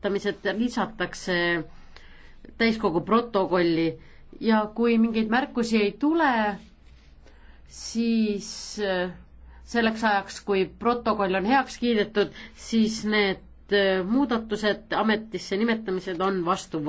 teavitamised lisatakse täiskogu protokolli ja kui mingeid märkusi ei tule, siis äh, selleks ajaks, kui protokoll on heaks kiidetud, siis need äh, muudatused, ametisse nimetamised on vastu võetud.